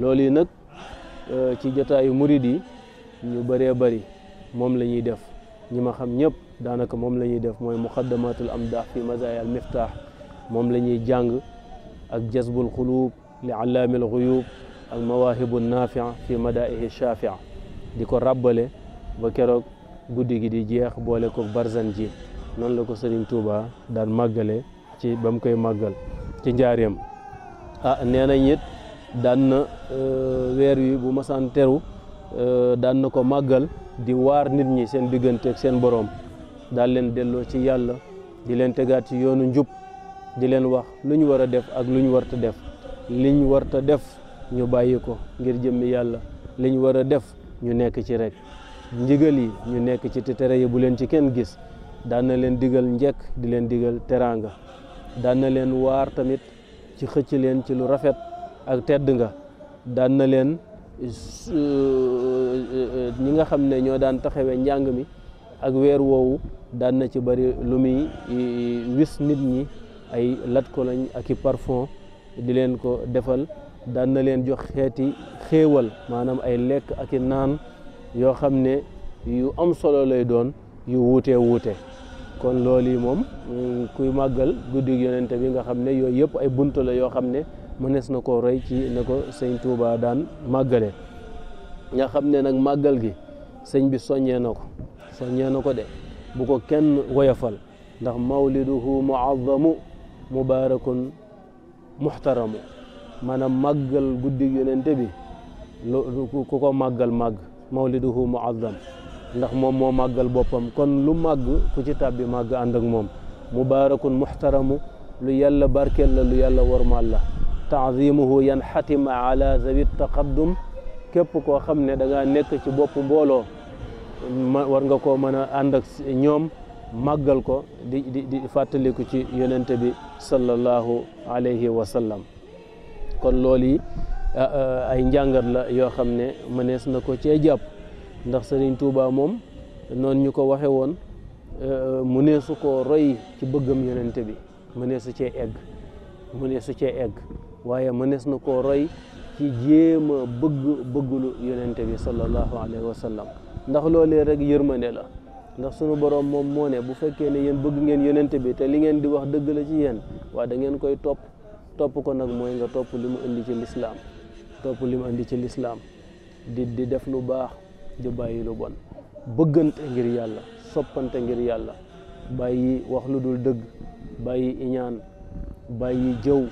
looli yi nag euh, ci jataayu murid yi ñu bëree bëri moom lañuy def ñi ma xam ñëpp daanaka moom la ñuy def mooy muqaddamatul amdah fi mazaya al miftah moom lañuy ñuy jàng ak jazbul xuluub li allaamil xuyuub ak mawaahibu nafia fi madaihi shafia di ko ràbbale ba keroog guddi gi di jeex boole ko barzan ji noonu la ko Serigne Touba daan màggale ci ba mu koy màggal ci njaareem ah nee nañ it daan na euh, weer wi bu masaan teru euh, daan na ko màggal di waar nit ñi seen diggante ak seen boroom daal leen delloo ci yàlla di leen tegaat ci yoonu njub di leen wax lu ñu war a def ak lu ñu warta def liñ warta def ñu bàyyi ko ngir jëmmi yàlla liñ war a def ñu nekk ci rek ndigal yi ñu nekk ci te tere yi bu leen ci kenn gis daan na leen digal njekk di leen digal teraanga daan na leen waar tamit ci xëcc leen ci lu rafet ak tedd nga daan na leen euh, euh, ñi nga xam ne ñoo daan taxawee njàng mi ak weer woowu daan na ci bari lu muy wis nit ñi ay lat ko lañ ak i parfum di leen ko defal daan na leen jox xeeti xéewal maanaam ay lekk ak i naan yoo xam ne yu am solo lay doon yu wuute wuute kon loolu yi moom mm, kuy màggal guddig yonente bi nga xam ne yooyu yëpp ay bunt la yoo xam ne mënees na ko roy ci ne ko sëñ Touba daan màggale nga xam ne nag màggal gi sëñ bi soññee na ko soññee ko de bu ko kenn woyofal ndax mawliduhu muazzamu mubarakun muxtaramu maanaam màggal guddig yonente bi lu ku ko màggal màgg mawliduhu muazzam ndax moom moo màggal boppam kon lu màgg ku ci tàbbi màgg ak moom mubaarakun muxtaramu lu yàlla barkeel la lu yàlla warmaal la taazimuhu yanxatim la zawit taqaddum képp koo xam ne danga nekk ci boppu mbooloo war nga koo mën a ànd ak ñoom màggal ko di di di fàttaliku ci yonente bi sallallahu alayhi wa kon loolu Ah, ah, ay njàngat la yoo xam ne mënees na ko cee jàpp ndax Sëriñ Tuuba moom noonu ñu ko waxe woon eh, mu nee su ko roy ci bëggam yonente bi mu nee su cee egg mu nee su cee egg waaye mënees na ko roy ci jéem a bëgg bëggulu yonente bi sallallahu alayhi wa sallam ndax loolee rek yërmande la ndax sunu borom moom moo ne bu fekkee ne yéen bëgg ngeen yonente bi te li ngeen di wax dëgg la ci yéen waa da koy topp topp ko nag mooy nga topp li mu indi ci lislaam topp lim andi ci lislaam di di def lu baax di bàyyi lu bon bëggante ngir yàlla soppante ngir yàlla bàyyi wax lu dul dëgg bàyyi iñaan bàyyi jëw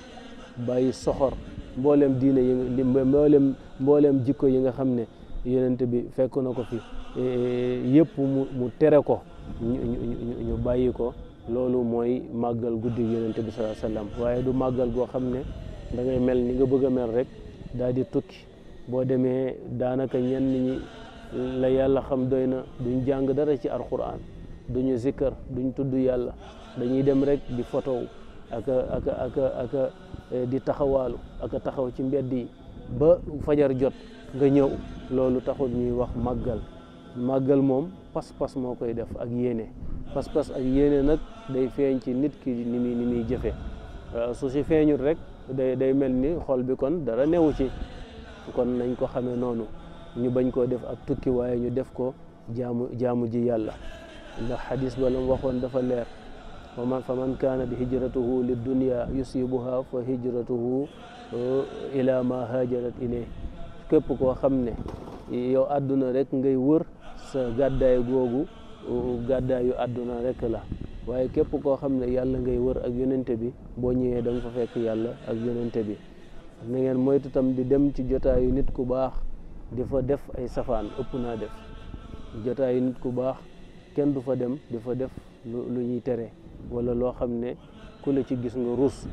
bàyyi soxor mboolem diine yi mboolem mboolem jikko yi nga xam ne yonent bi fekk na ko fi e, yëpp mu mu tere ko ñu bàyyi ko loolu mooy màggal guddi yonent bi sallallahu alayhi wasallam waaye du màggal goo xam ne da mel ni nga bëgg a mel rek daal di tukki boo demee daanaka ñenn ñi la yàlla xam doy na duñ jàng dara ci alquran duñu zikkar duñ tudd yàlla dañuy dem rek di fotow ak ak ak ak eh, di taxawaalu ak taxaw ci mbedd yi ba fajar jot nga ñëw loolu taxul ñuy wax màggal màggal moom pas-pas moo koy def ak yéene pas-pas ak yéene nag day feeñ ci nit ki ni muy ni muy jëfe su si feeñul rek day day mel ni xol bi kon dara newu ci kon nañ ko xamee noonu ñu bañ koo def ak tukki waaye ñu def ko jaamu jaamu ji yàlla ndax xadis ba waxoon dafa leer wa man fa man kaanat hijratuhu li dunya yusibuha fa hijratuhu uh, ila ma hajarat ilay képp koo xam ne yow àdduna rek ngay wër sa gàddaay googu uh, gàddaayu àdduna rek la waaye képp koo xam ne yàlla ngay wër ak yonente bi boo ñëwee danga fa fekk yàlla ak yonente bi na ngeen moytu tam di dem ci jotaayu nit ku baax di fa def ay safaan ëpp naa def jotaayu nit ku baax kenn du fa dem di fa def lu ñuy tere walla loo xam ne ku la ci gis nga ruus